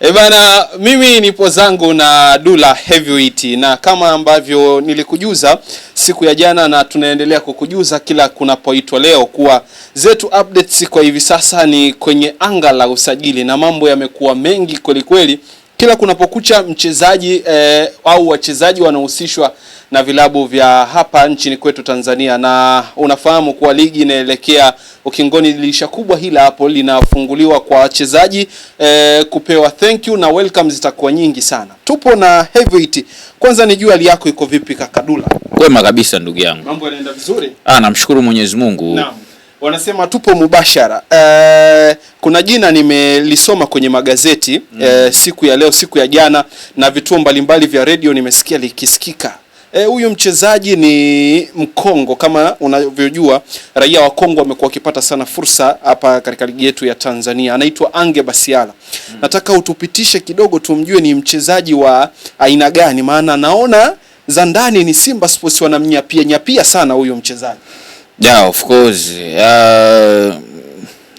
E bana, mimi nipo zangu na Dula Heavyweight, na kama ambavyo nilikujuza siku ya jana na tunaendelea kukujuza kila kunapoitwa leo kuwa zetu updates kwa hivi sasa ni kwenye anga la usajili, na mambo yamekuwa mengi kweli kweli. Kila kunapokucha mchezaji e, au wachezaji wanahusishwa na vilabu vya hapa nchini kwetu Tanzania, na unafahamu kuwa ligi inaelekea ukingoni. Dirisha kubwa hili hapo linafunguliwa kwa wachezaji e, kupewa thank you na welcome zitakuwa nyingi sana. Tupo na Heavyweight. Kwanza nijue hali yako iko vipi, Kakadula? Kwema kabisa ndugu yangu, mambo yanaenda vizuri? Ah, namshukuru Mwenyezi Mungu. Naam. Wanasema tupo mubashara. E, kuna jina nimelisoma kwenye magazeti mm. E, siku ya leo, siku ya jana na vituo mbalimbali vya redio nimesikia likisikika. Eh, huyu e, mchezaji ni Mkongo kama unavyojua, raia wa Kongo wamekuwa wakipata sana fursa hapa katika ligi yetu ya Tanzania. Anaitwa Ange Basiala mm. Nataka utupitishe kidogo, tumjue ni mchezaji wa aina gani, maana naona za ndani ni Simba Sports wanamnyapia nyapia sana huyu mchezaji. Yeah, of course. Uh,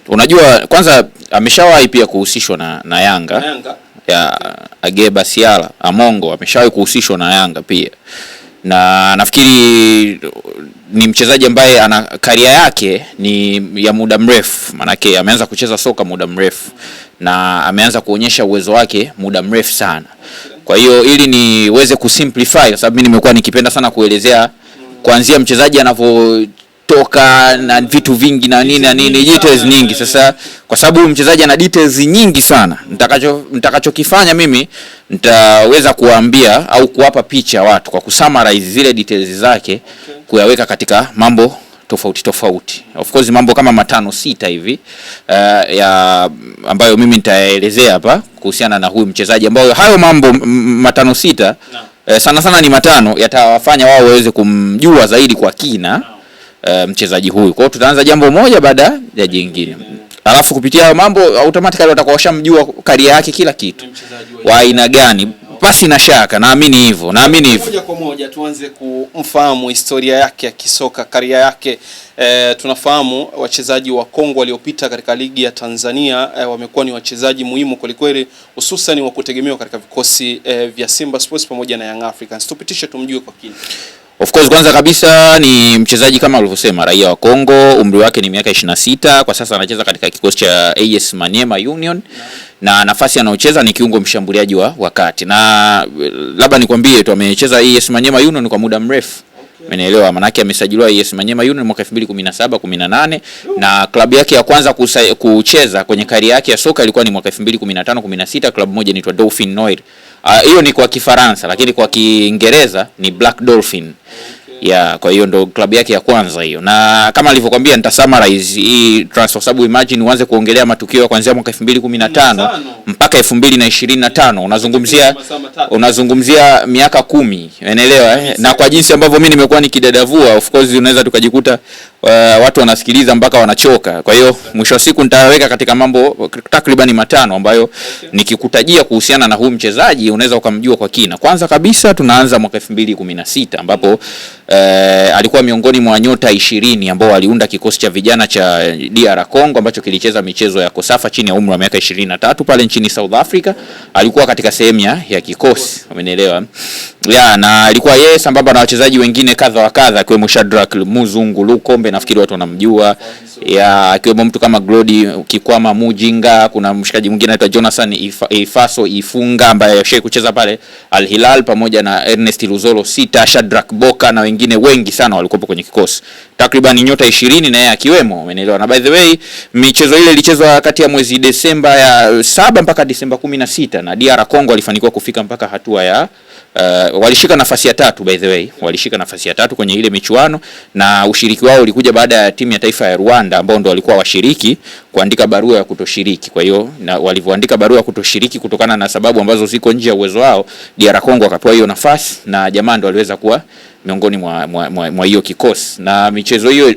unajua kwanza ameshawahi pia kuhusishwa na, na Yanga, na Yanga. Yeah, Ageba Siala Amongo ameshawahi kuhusishwa na Yanga pia na nafikiri ni mchezaji ambaye ana karia yake ni ya muda mrefu, maanake ameanza kucheza soka muda mrefu na ameanza kuonyesha uwezo wake muda mrefu sana. Kwa hiyo ili niweze kusimplify, kwa sababu mimi nimekuwa nikipenda sana kuelezea kuanzia mchezaji anavyo kutoka na vitu vingi na nini na nini, details nyingi. Sasa kwa sababu mchezaji ana details nyingi sana, nitakachokifanya mimi nitaweza kuwaambia au kuwapa picha watu kwa kusummarize zile details zake, kuyaweka katika mambo tofauti tofauti. Of course mambo kama matano sita hivi uh, ya ambayo mimi nitaelezea hapa kuhusiana na huyu mchezaji, ambayo hayo mambo matano sita no. eh, sana sana ni matano yatawafanya wao waweze kumjua zaidi kwa kina no. Eh, mchezaji huyu. Kwa hiyo tutaanza jambo moja baada ya jingine, alafu kupitia hayo mambo automatically watakuwa washamjua karia yake kila kitu wa aina gani, pasi na shaka. Naamini hivyo, naamini hivyo. Moja kwa moja tuanze kumfahamu historia yake ya kisoka, karia yake. E, tunafahamu wachezaji wa Kongo waliopita katika ligi ya Tanzania e, wamekuwa ni wachezaji muhimu kwelikweli, hususan wa kutegemewa katika vikosi e, vya Simba Sports pamoja na Young Africans. Tupitishe tumjue kwa kina. Of course kwanza kabisa ni mchezaji kama ulivyosema, raia wa Kongo, umri wake ni miaka 26, kwa sasa anacheza katika kikosi cha AS Maniema Union na nafasi anayocheza ni kiungo mshambuliaji wa wakati, na eh, labda nikwambie tu amecheza AS Maniema Union kwa muda mrefu Umeelewa? Maana yake amesajiliwa AS Manyema Union mwaka 2017 18 na klabu yake ya kwanza kusa, kucheza kwenye kari yake ya soka ilikuwa ni mwaka 2015 16, klabu moja inaitwa Dauphin Noir. Ah, hiyo uh, ni kwa Kifaransa lakini kwa Kiingereza ni Black Dolphin. Ya, kwa hiyo ndo klabu yake ya kwanza hiyo, na kama alivyokuambia nita summarize hii transfer, sababu imagine uanze kuongelea matukio ya kuanzia mwaka 2015 mpaka mwaka tano unazungumzia unazungumzia miaka kumi, unaelewa eh? Na kwa jinsi ambavyo mi nimekuwa nikidadavua, of course unaweza tukajikuta uh, watu wanasikiliza mpaka wanachoka. Kwa hiyo mwisho wa siku nitaweka katika mambo takribani matano ambayo nikikutajia kuhusiana na huu mchezaji unaweza ukamjua kwa kina. Kwanza kabisa tunaanza mwaka sita ambapo mm -hmm eh, alikuwa miongoni mwa nyota ishirini ambao waliunda kikosi cha vijana cha DR Congo ambacho kilicheza michezo ya Kosafa chini ya umri wa miaka 23 pale nchini South Africa. Alikuwa katika sehemu ya kikosi, umenielewa? ya na alikuwa yeye sambamba na wachezaji wengine kadha wa kadha akiwemo Shadrack Muzungu Lukombe, nafikiri watu wanamjua, ya akiwemo mtu kama Glody Kikwama Mujinga. Kuna mshikaji mwingine anaitwa Jonathan Ifaso Ifunga ambaye ashai kucheza pale Al Hilal pamoja na Ernest Luzolo Sita, Shadrack Boka na wengine wengi sana walikuwa kwenye kikosi, takriban nyota 20 na yeye akiwemo, umeelewa. Na by the way michezo ile ilichezwa kati ya mwezi Desemba ya 7 mpaka Desemba 16 na DR Congo alifanikiwa kufika mpaka hatua ya Uh, walishika nafasi ya tatu by the way, walishika nafasi ya tatu kwenye ile michuano, na ushiriki wao ulikuja baada ya timu ya taifa ya Rwanda ambao ndo walikuwa washiriki kuandika barua ya kutoshiriki. Kwa hiyo walivyoandika barua ya kutoshiriki kutokana na sababu ambazo ziko nje ya uwezo wao, DR Congo akapewa hiyo nafasi na jamaa ndo waliweza kuwa miongoni mwa hiyo kikosi na michezo hiyo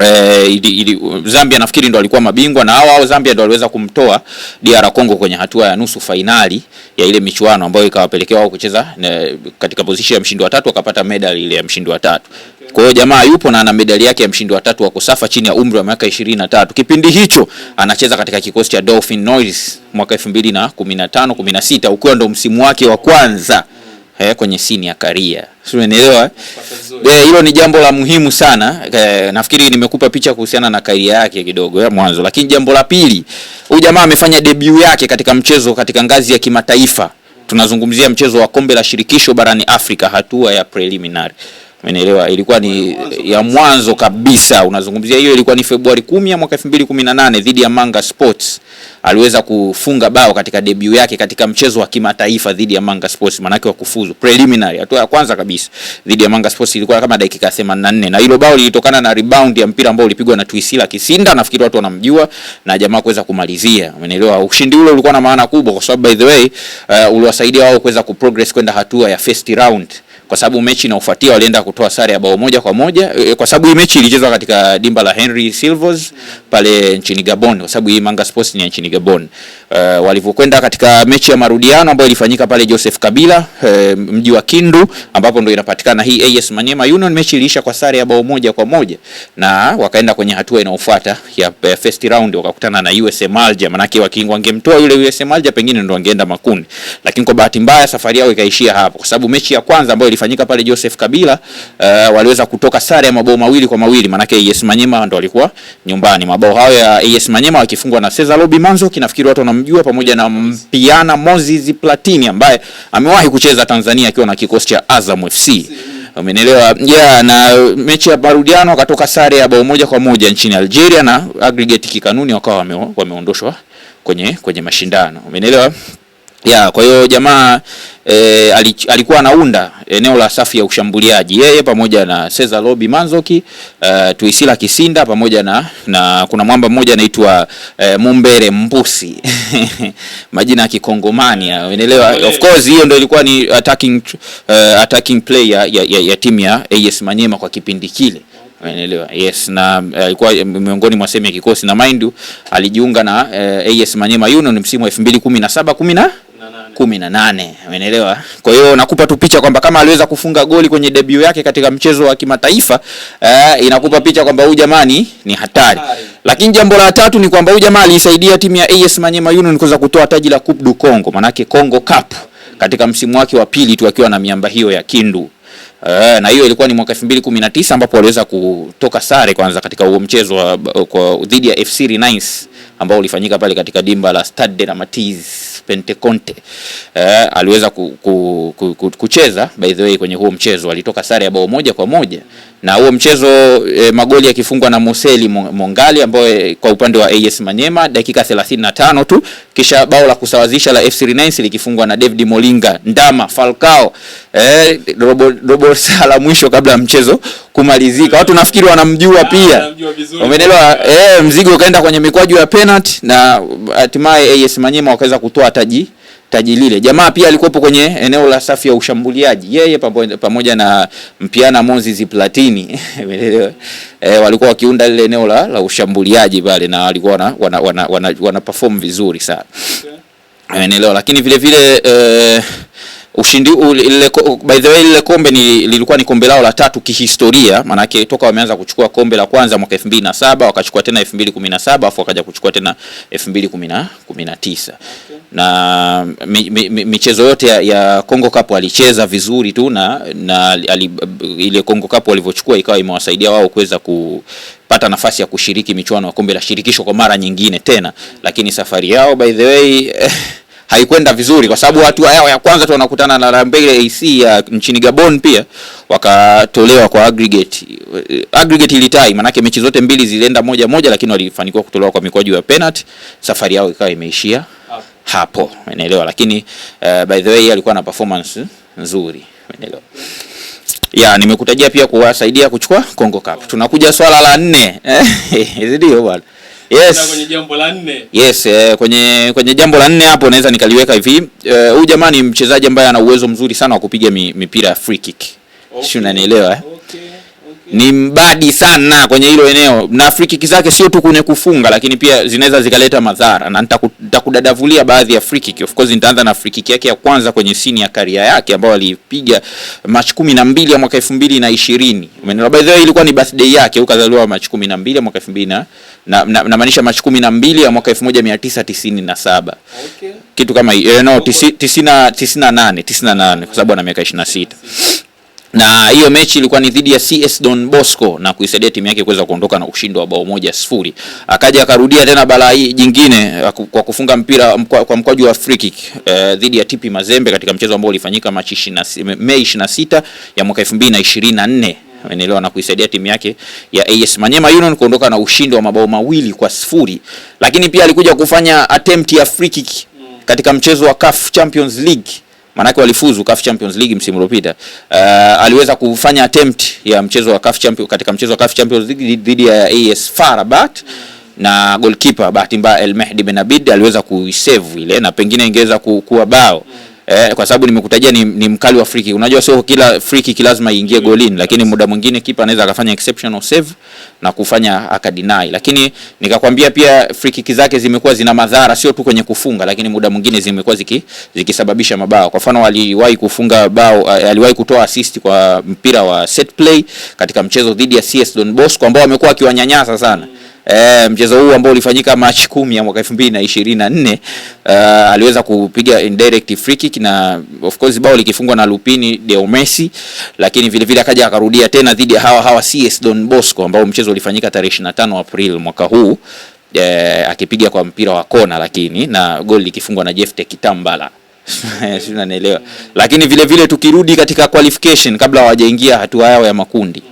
eh, ili, ili, Zambia nafikiri ndo alikuwa mabingwa na hao Zambia ndo waliweza kumtoa DR Congo kwenye hatua ya nusu fainali ya ile michuano ambayo ikawapelekea wao kucheza ne, katika position ya mshindi wa tatu akapata medali ile ya mshindi wa tatu. Kwa hiyo jamaa yupo na ana medali yake ya mshindi wa tatu wa kusafa chini ya umri wa miaka 23. Kipindi hicho anacheza katika kikosi cha Dolphin Noise mwaka 2015 16 ukiwa ndo msimu wake wa kwanza eh, kwenye sini ya karia Sio, unaelewa? Eh, hilo ni jambo la muhimu sana. Eh, nafikiri nimekupa picha kuhusiana na karia yake kidogo ya mwanzo. Lakini jambo la pili, huyu jamaa amefanya debut yake katika mchezo katika ngazi ya kimataifa. Tunazungumzia mchezo wa kombe la shirikisho barani Afrika hatua ya preliminary. Umenielewa? Ilikuwa ni ya mwanzo kabisa, unazungumzia hiyo, ilikuwa ni Februari 10 mwaka 2018 dhidi ya Manga Sports. Aliweza kufunga bao katika debut yake katika mchezo wa kimataifa dhidi ya Manga Sports, manake wa kufuzu preliminary, hatua ya kwanza kabisa dhidi ya Manga Sports, ilikuwa kama dakika 84, na hilo bao lilitokana na rebound ya mpira ambao ulipigwa na Tuisila Kisinda, nafikiri watu wanamjua, na jamaa kuweza kumalizia. Umeelewa? Ushindi ule ulikuwa na maana kubwa, kwa sababu by the way, uh, uliwasaidia wao kuweza kuprogress kwenda hatua ya first round kwa sababu mechi inayofuatia walienda kutoa sare ya bao moja kwa moja, eh, kwa sababu hii mechi ilichezwa katika dimba la Henry Silvers pale nchini Gabon, kwa sababu hii Manga Sports ni nchini Gabon. Uh, walivyokwenda katika mechi ya marudiano ambayo ilifanyika pale Joseph Kabila uh, mji wa Kindu ambapo ndio inapatikana hii AS Maniema Union, mechi iliisha kwa sare ya bao moja kwa moja na wakaenda kwenye hatua inayofuata ya uh, first round, wakakutana na USM Alger. Manake wakiingwa wangemtoa yule USM Alger, pengine ndio wangeenda makundi, lakini kwa bahati mbaya safari yao ikaishia hapo, kwa sababu mechi ya kwanza ambayo ilifanyika pale Joseph Kabila uh, waliweza kutoka sare ya mabao mawili kwa mawili manake AS Maniema ndio walikuwa nyumbani Mabao hayo ya AS Manyema wakifungwa na Cesar lobi Manzo, kinafikiri watu wanamjua, pamoja na Mpiana Moses Platini ambaye amewahi kucheza Tanzania akiwa na kikosi cha Azam FC. Umenelewa? Yeah, na mechi ya marudiano akatoka sare ya bao moja kwa moja nchini Algeria na aggregate kikanuni wakawa wameondoshwa kwenye kwenye mashindano. Umenelewa? ya kwa hiyo jamaa e, alikuwa anaunda eneo la safu ya ushambuliaji yeye pamoja na Cesar Lobi Manzoki uh, Tuisila Kisinda pamoja na, na kuna mwamba mmoja anaitwa uh, Mumbere Mbusi majina ya Kikongomani, unaelewa. Of course hiyo ndio ilikuwa ni attacking, uh, attacking player ya, ya, ya, ya timu ya AS Manyema kwa kipindi kile. Unaelewa. Yes, na alikuwa uh, miongoni mwa sehemu ya kikosi na mind alijiunga na uh, AS Manyema Union msimu wa 2017 10 kumi na nane. Umeelewa? Kwa hiyo nakupa tu picha kwamba kama aliweza kufunga goli kwenye debut yake katika mchezo wa kimataifa eh, inakupa picha kwamba huyu jamani ni hatari. Lakini jambo la tatu ni kwamba huyu jamaa aliisaidia timu ya AS Manyema Union kuweza kutoa taji la Coupe du Congo, manake Congo Cup katika msimu wake wa pili tu akiwa na miamba hiyo ya Kindu. Uh, na hiyo ilikuwa ni mwaka 2019 ambapo waliweza kutoka sare kwanza katika huo mchezo kwa dhidi ya FC Rennes ambao ulifanyika pale katika dimba la Stade de la Matisse Penteconte. Uh, eh, aliweza ku, ku, ku, ku, kucheza by the way kwenye huo mchezo alitoka sare ya bao moja kwa moja na huo mchezo e, magoli yakifungwa na Moseli Mongali ambaye kwa upande wa AS Manyema dakika 35 tu, kisha bao la kusawazisha la FC Rhineins likifungwa na David Molinga Ndama Falcao, e, robo, robo saa la mwisho kabla ya mchezo kumalizika. Watu nafikiri wanamjua ah, pia, umeelewa? E, mzigo ukaenda kwenye mikwaju ya penalty na hatimaye AS Manyema wakaweza kutoa taji taji lile. Jamaa pia alikuwepo kwenye eneo la safu ya ushambuliaji, yeye pamoja na Mpiana Moses Platini e, walikuwa wakiunda lile eneo la, la ushambuliaji pale na walikuwa wana, wana, wana, wana, wana perform vizuri sana okay. Eneo lakini vile vile uh, ushindi ile, by the way, lile kombe ni, lilikuwa ni kombe lao la tatu kihistoria, yake toka wameanza kuchukua kombe la kwanza mwaka 2007 wakachukua tena 2017 afu wakaja kuchukua tena 2019 okay. Na michezo mi, mi, michezo yote ya, ya Congo Cup walicheza vizuri tu na, na ali, ile Congo Cup walivyochukua ikawa imewasaidia wao kuweza ku pata nafasi ya kushiriki michuano ya kombe la shirikisho kwa mara nyingine tena, mm. lakini safari yao by the way haikwenda vizuri, kwa sababu hatua yao ya kwanza tu wanakutana na Lambele AC ya nchini Gabon, pia wakatolewa kwa aggregate. Aggregate ilitai, manake mechi zote mbili zilienda moja moja, lakini walifanikiwa kutolewa kwa mikwaju ya penalty. Safari yao ikawa imeishia hapo, umeelewa? Lakini uh, by the way alikuwa na performance nzuri, umeelewa? ya nimekutajia pia kuwasaidia kuchukua Congo Cup. Tunakuja swala la nne ndio bwana yes. kwenye jambo la nne yes, eh, kwenye kwenye jambo la nne hapo naweza nikaliweka hivi eh, huyu eh, jamani mchezaji ambaye ana uwezo mzuri sana wa kupiga mi, mipira ya free kick okay. si unanielewa eh? okay ni mbadi sana kwenye hilo eneo, na free kick zake sio tu kwenye kufunga, lakini pia zinaweza zikaleta madhara, na nitakudadavulia baadhi ya free kick. Of course nitaanza na free kick yake ya kwanza kwenye sini ya karia yake ambayo alipiga match 12 ya mwaka 2020 Umeelewa? By the way, ilikuwa ni birthday yake, ukazaliwa match 12 ya mwaka elfu na na namaanisha Machi kumi na mbili ya mwaka 1997 okay. kitu kama hiyo, eh, no, tisini 98 nane, kwa sababu ana miaka 26 na na hiyo mechi ilikuwa ni dhidi ya CS Don Bosco na kuisaidia timu yake kuweza kuondoka na ushindi wa bao moja sifuri. Akaja akarudia tena balaa jingine eh, kwa kufunga mpira mkwa, kwa mkwaju wa free kick eh, dhidi ya TP Mazembe katika mchezo ambao ulifanyika Machi Mei 26 ya mwaka 2024 amenielewa na kuisaidia timu yake ya AS Manyema Union kuondoka na ushindi wa mabao mawili kwa sifuri, lakini pia alikuja kufanya attempt ya free kick katika mchezo wa CAF Champions League Manake walifuzu CAF Champions League msimu uliopita. Uh, aliweza kufanya attempt ya mchezo wa CAF Champions katika mchezo wa CAF Champions League dhidi ya AS FAR Rabat na goalkeeper bahati mbaya El Mehdi Ben Abid aliweza kuisave ile na pengine ingeweza kuwa bao eh, kwa sababu nimekutajia ni, ni mkali wa friki. Unajua sio kila friki kick lazima iingie golini, lakini muda mwingine kipa anaweza akafanya exceptional save na kufanya akadinai. Lakini nikakwambia pia friki zake zimekuwa zina madhara sio tu kwenye kufunga, lakini muda mwingine zimekuwa ziki, zikisababisha mabao. Kwa mfano aliwahi kufunga bao, eh, aliwahi kutoa assist kwa mpira wa set play katika mchezo dhidi ya CS Don Bosco ambao amekuwa akiwanyanyasa sana E, mchezo huu ambao ulifanyika Machi kumi ya mwaka 2024 uh, eh, aliweza kupiga indirect free kick na of course bao likifungwa na Lupini Deo Messi, lakini vile vile akaja akarudia tena dhidi ya hawa hawa CS Don Bosco ambao mchezo ulifanyika tarehe 25 April mwaka huu e, akipiga kwa mpira wa kona lakini na goli likifungwa na Jeff Tekitambala Sio, unanielewa. Lakini vile vile tukirudi katika qualification kabla hawajaingia hatua yao ya makundi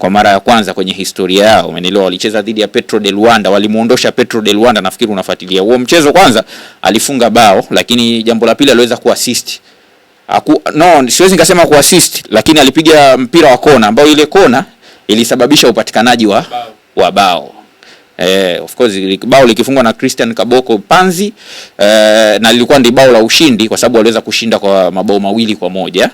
kwa mara ya kwanza kwenye historia yao, umeelewa? Walicheza dhidi ya Petro de Luanda, walimuondosha Petro de Luanda, nafikiri unafuatilia huo mchezo. Kwanza alifunga bao, lakini jambo la pili aliweza kuassist. Aku, no siwezi nikasema kuassist, lakini alipiga mpira wa kona ambao ile kona ilisababisha upatikanaji wa wa bao. Eh, of course bao likifungwa na Christian Kaboko Panzi eh, na lilikuwa ndi bao la ushindi kwa sababu waliweza kushinda kwa mabao mawili kwa moja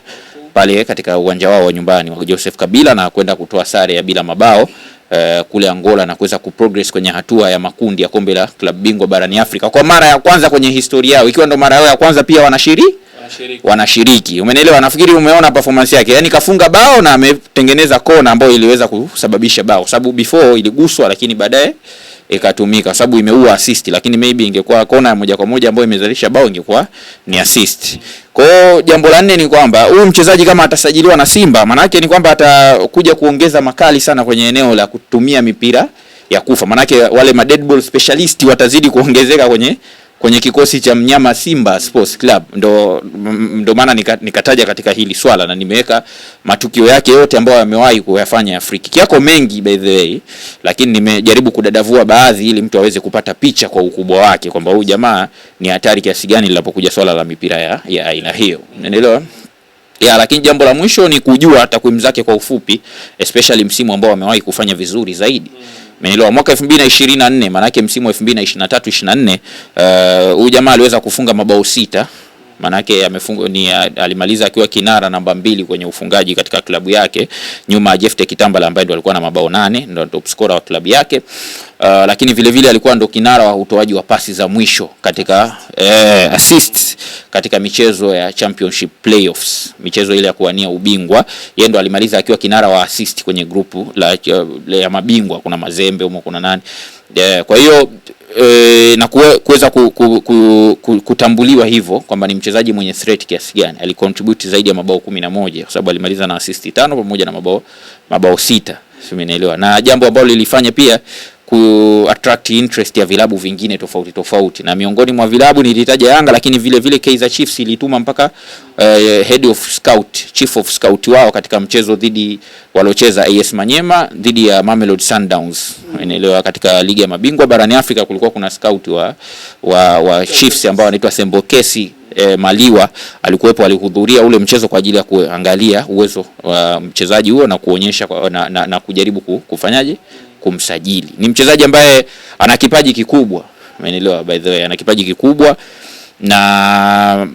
pale katika uwanja wao wa nyumbani wa Joseph Kabila na kwenda kutoa sare ya bila mabao Uh, kule Angola na kuweza kuprogress kwenye hatua ya makundi ya kombe la klabu bingwa barani Afrika kwa mara ya kwanza kwenye historia yao, ikiwa ndo mara yao ya kwanza pia wanashiriki wanashiriki. Umenielewa? Nafikiri umeona performance yake, yani kafunga bao na ametengeneza kona ambayo iliweza kusababisha bao, kwa sababu before iliguswa, lakini baadaye ikatumika, kwa sababu imeua assist, lakini maybe ingekuwa kona moja kwa moja ambayo imezalisha bao ingekuwa ni assist. Kwa hiyo jambo la nne ni kwamba huyu mchezaji kama atasajiliwa na Simba, maana yake ni kwamba atakuja kuongeza makali sana kwenye eneo la kutumia mipira ya kufa, maanake wale ma dead ball specialist watazidi kuongezeka kwenye kwenye kikosi cha mnyama Simba Sports Club, ndo ndo maana nikataja katika hili swala na nimeweka matukio yake yote ambayo amewahi kuyafanya Afrika. Yako mengi by the way, lakini nimejaribu kudadavua baadhi ili mtu aweze kupata picha kwa ukubwa wake kwamba huyu jamaa ni hatari kiasi gani linapokuja swala la mipira ya, ya aina hiyo. Unaelewa? ya, lakini jambo la mwisho ni kujua takwimu zake kwa ufupi, especially msimu ambao wamewahi kufanya vizuri zaidi Menelewa mwaka 2024 maana yake msimu wa 2023 24 eh, huyu uh, jamaa aliweza kufunga mabao sita Manake ni alimaliza akiwa kinara namba mbili kwenye ufungaji katika klabu yake nyuma ya Jefte Kitambala ambaye ndo alikuwa na mabao nane, ndo top scorer wa klabu yake. Uh, lakini vile vile alikuwa ndo kinara wa utoaji wa pasi za mwisho katika eh, assists katika michezo ya championship playoffs, michezo ile ya kuwania ubingwa. Yeye ndo alimaliza akiwa kinara wa assist kwenye grupu la, la ya mabingwa, kuna Mazembe huko, kuna nani Yeah, kwa hiyo e, na kuweza ku, ku, ku, ku, kutambuliwa hivyo kwamba ni mchezaji mwenye threat kiasi gani. Alicontribute zaidi ya mabao kumi na moja kwa sababu alimaliza na assist tano pamoja na mabao mabao sita, si Na jambo ambalo lilifanya pia ku attract interest ya vilabu vingine tofauti tofauti, na miongoni mwa vilabu nilitaja Yanga, lakini vile vile Kaizer Chiefs ilituma mpaka uh, head of scout, chief of scout wao katika mchezo dhidi walocheza AS Manyema dhidi ya Mamelodi Sundowns inaelewa. Katika ligi ya mabingwa barani Afrika kulikuwa kuna scout wa, wa, wa Chiefs ambao wanaitwa Sembokesi E, Maliwa alikuwepo, alihudhuria ule mchezo kwa ajili ya kuangalia uwezo wa mchezaji huo na kuonyesha na, na, na kujaribu kufanyaje kumsajili. Ni mchezaji ambaye ana kipaji kikubwa, umeelewa? By the way, ana kipaji kikubwa na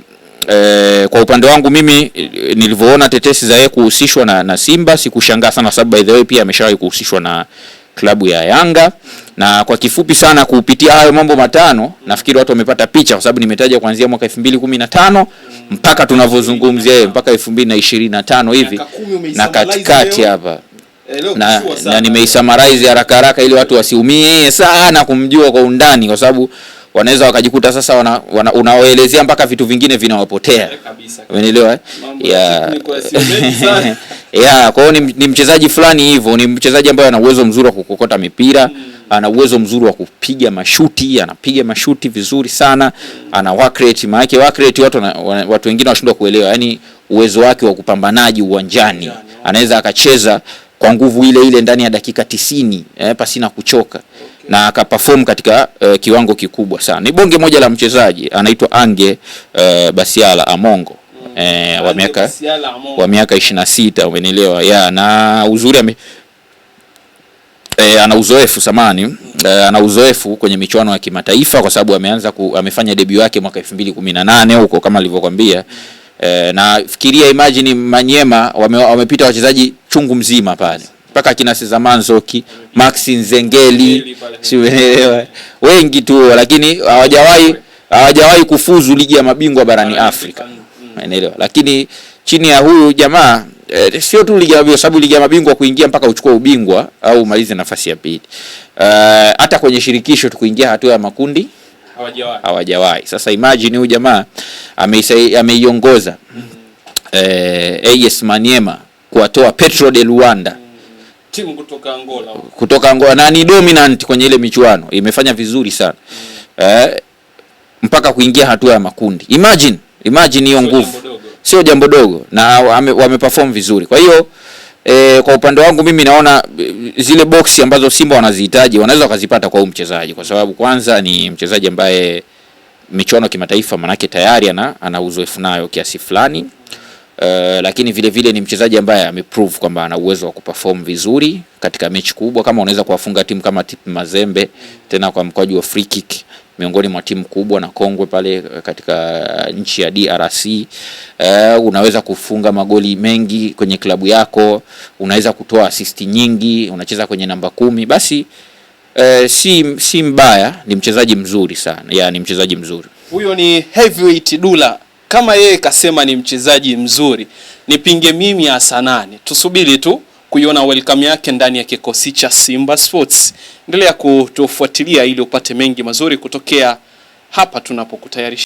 e, kwa upande wangu mimi eh, nilivyoona tetesi za yeye kuhusishwa na, na Simba sikushangaa sana, sababu by the way pia ameshawahi kuhusishwa na klabu ya Yanga. Na kwa kifupi sana kupitia hayo mambo matano, nafikiri watu wamepata picha, kwa sababu nimetaja kuanzia mwaka 2015 mpaka tunavyozungumzia mpaka 2025 hivi na katikati hapa Eh, na, na nimeisamarize haraka haraka ili watu wasiumie sana kumjua kwa undani, kwa sababu wanaweza wakajikuta sasa wana, wana, unawaelezea mpaka vitu vingine vinawapotea. Eh, Umeelewa? Yeah. Yeah, kwa hiyo ni, ni mchezaji fulani hivyo, ni mchezaji ambaye ana uwezo mzuri wa kukokota mipira hmm. Ana uwezo mzuri wa kupiga mashuti, anapiga mashuti vizuri sana hmm. Ana work rate, maana work rate watu watu wengine washindwa kuelewa, yani uwezo wake wa kupambanaji uwanjani, anaweza akacheza kwa nguvu ile ile ndani ya dakika tisini eh, pasina kuchoka Na akaperform katika eh, kiwango kikubwa sana. Ni bonge moja la mchezaji anaitwa Ange eh, Basiala Amongo mm. eh, wa miaka wa miaka 26 umenielewa ya na uzuri ame E, ana uzoefu samani e, ana uzoefu kwenye michuano ya kimataifa kwa sababu ameanza ku, amefanya debut yake mwaka 2018 huko kama alivyokuambia. E, na fikiria imagine Manyema wamepita wame wachezaji chungu mzima pale mpaka kina Seza Manzoki, Maxi Nzengeli, si wengi tu, lakini hawajawahi hawajawahi kufuzu ligi ya mabingwa barani Afrika, mm. unaelewa. Lakini chini ya huyu jamaa e, sio tu ligi ya mabingwa, sababu ligi ya mabingwa kuingia mpaka uchukue ubingwa au umalize nafasi ya pili, eh, hata e, kwenye shirikisho tukuingia hatua ya makundi hawajawahi. Sasa imagine huyu jamaa ameiongoza mm -hmm. Eh, e, AS Maniema kuwatoa Petro de Luanda mm -hmm. timu kutoka Angola, kutoka Angola na ni dominant kwenye ile michuano, imefanya vizuri sana mm -hmm. mpaka kuingia hatua ya makundi. Imagine imagine hiyo nguvu, sio jambo dogo na wame, wame perform vizuri, kwa hiyo E, kwa upande wangu mimi naona zile boksi ambazo Simba wanazihitaji wanaweza wakazipata kwa huyu mchezaji, kwa sababu kwanza ni mchezaji ambaye michuano kimataifa, manake tayari ana, ana uzoefu nayo kiasi fulani. Eh, lakini vile vile ni mchezaji ambaye ameprove kwamba ana uwezo wa kuperform vizuri katika mechi kubwa, kama unaweza kuwafunga timu kama TP Mazembe tena kwa mkwaju wa free kick, miongoni mwa timu kubwa na kongwe pale eh, katika eh, nchi ya DRC. Uh, unaweza kufunga magoli mengi kwenye klabu yako, unaweza kutoa assist nyingi, unacheza kwenye namba kumi, basi Uh, si, si mbaya, ni mchezaji mzuri sana ya, ni mchezaji mzuri huyo. Ni Heavyweight Dulla kama yeye kasema ni mchezaji mzuri, nipinge mimi Asanani. Tusubiri tu kuiona welcome yake ndani ya kikosi cha Simba Sports. Endelea kutufuatilia ili upate mengi mazuri kutokea hapa tunapokutayarisha.